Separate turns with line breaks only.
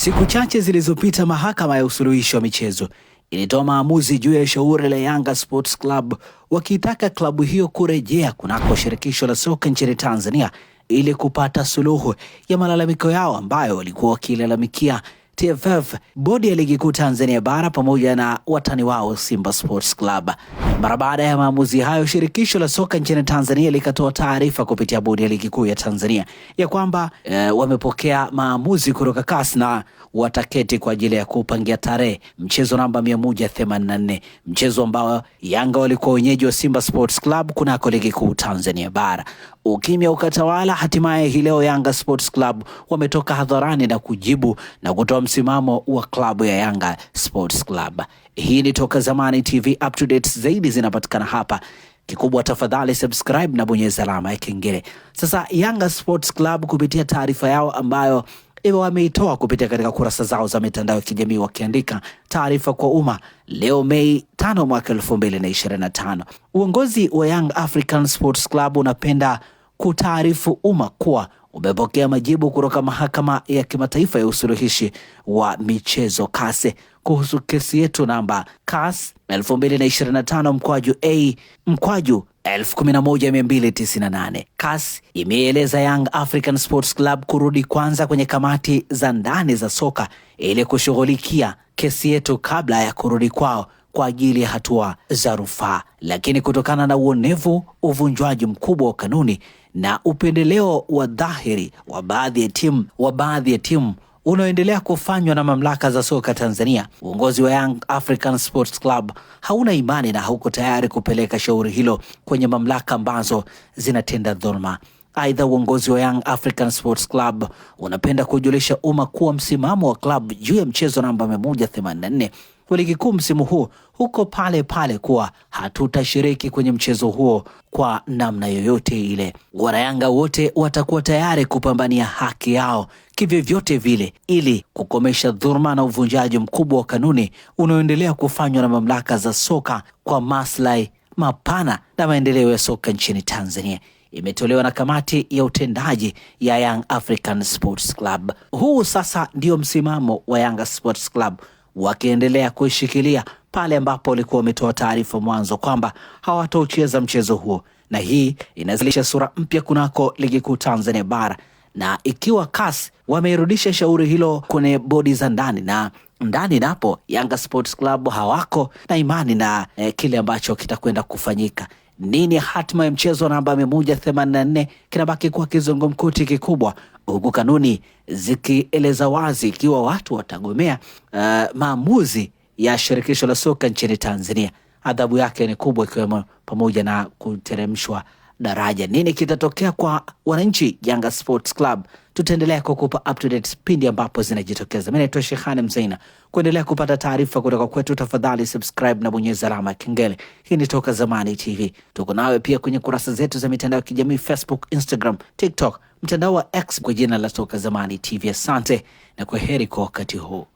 Siku chache zilizopita mahakama ya usuluhishi wa michezo ilitoa maamuzi juu ya shauri la Yanga Sports Club wakiitaka klabu hiyo kurejea kunako shirikisho la soka nchini Tanzania ili kupata suluhu ya malalamiko yao ambayo walikuwa wakilalamikia TFF, bodi ya ligi kuu Tanzania bara pamoja na watani wao Simba Sports Club. Mara baada ya maamuzi hayo, shirikisho la soka nchini Tanzania likatoa taarifa kupitia bodi ya ligi kuu ya Tanzania ya kwamba e, wamepokea maamuzi kutoka CAS na wataketi kwa ajili ya kupangia tarehe mchezo namba 184, mchezo ambao Yanga walikuwa wenyeji wa Simba Sports Club kunako ligi kuu Tanzania Bara. Ukimya ukatawala. Hatimaye hii leo Yanga Sports Club wametoka hadharani na kujibu na kutoa msimamo wa klabu ya Yanga Sports Club. Hii ni Toka Zamani TV, up to date zaidi zinapatikana hapa. Kikubwa tafadhali subscribe na bonyeza alama ya kengele. Sasa Yanga Sports Club kupitia taarifa yao ambayo hivyo wameitoa kupitia katika kurasa zao za mitandao ya kijamii wakiandika taarifa kwa umma leo Mei 5 mwaka 2025. Uongozi wa Young African Sports Club unapenda kutaarifu umma kuwa umepokea majibu kutoka mahakama ya kimataifa ya usuluhishi wa michezo kase kuhusu kesi yetu namba kas 2025 mkwaju a mkwaju 11298. kas imeeleza Young African Sports Club kurudi kwanza kwenye kamati za ndani za soka ili kushughulikia kesi yetu kabla ya kurudi kwao kwa ajili ya hatua za rufaa, lakini kutokana na uonevu, uvunjwaji mkubwa wa kanuni na upendeleo wa dhahiri wa baadhi ya timu wa baadhi ya timu unaoendelea kufanywa na mamlaka za soka Tanzania, uongozi wa Young African Sports Club hauna imani na hauko tayari kupeleka shauri hilo kwenye mamlaka ambazo zinatenda dhuluma. Aidha, uongozi wa Young African Sports Club unapenda kujulisha umma kuwa msimamo wa klabu juu ya mchezo namba 184 wa ligi kuu msimu huu huko pale pale kuwa hatutashiriki kwenye mchezo huo kwa namna yoyote ile. Wanayanga wote watakuwa tayari kupambania haki yao kivyovyote vile ili kukomesha dhuruma na uvunjaji mkubwa wa kanuni unaoendelea kufanywa na mamlaka za soka kwa maslahi mapana na maendeleo ya soka nchini Tanzania. Imetolewa na kamati ya utendaji ya Young African Sports Club. Huu sasa ndio msimamo wa Yanga Sports Club wakiendelea kuishikilia pale ambapo walikuwa wametoa taarifa mwanzo kwamba hawataucheza mchezo huo, na hii inazalisha sura mpya kunako ligi kuu Tanzania bara, na ikiwa CAS wameirudisha shauri hilo kwenye bodi za ndani na ndani napo Yanga Sports Club hawako na imani na eh, kile ambacho kitakwenda kufanyika nini hatima ya mchezo namba 184 kinabaki kuwa kizungumkuti kikubwa, huku kanuni zikieleza wazi ikiwa watu watagomea uh, maamuzi ya shirikisho la soka nchini Tanzania, adhabu yake ni kubwa, ikiwemo pamoja na kuteremshwa daraja. Nini kitatokea kwa wananchi? Yanga Sports Club tutaendelea kukupa up to date pindi ambapo zinajitokeza. Mimi naitwa Shehani mzeina Kuendelea kupata taarifa kutoka kwetu, tafadhali subscribe na bonyeza alama ya kengele. Hii ni Toka Zamani TV, tuko nawe pia kwenye kurasa zetu za mitandao ya kijamii Facebook, Instagram, TikTok, mtandao wa X kwa jina la Toka Zamani TV. Asante na kwa heri kwa wakati huu.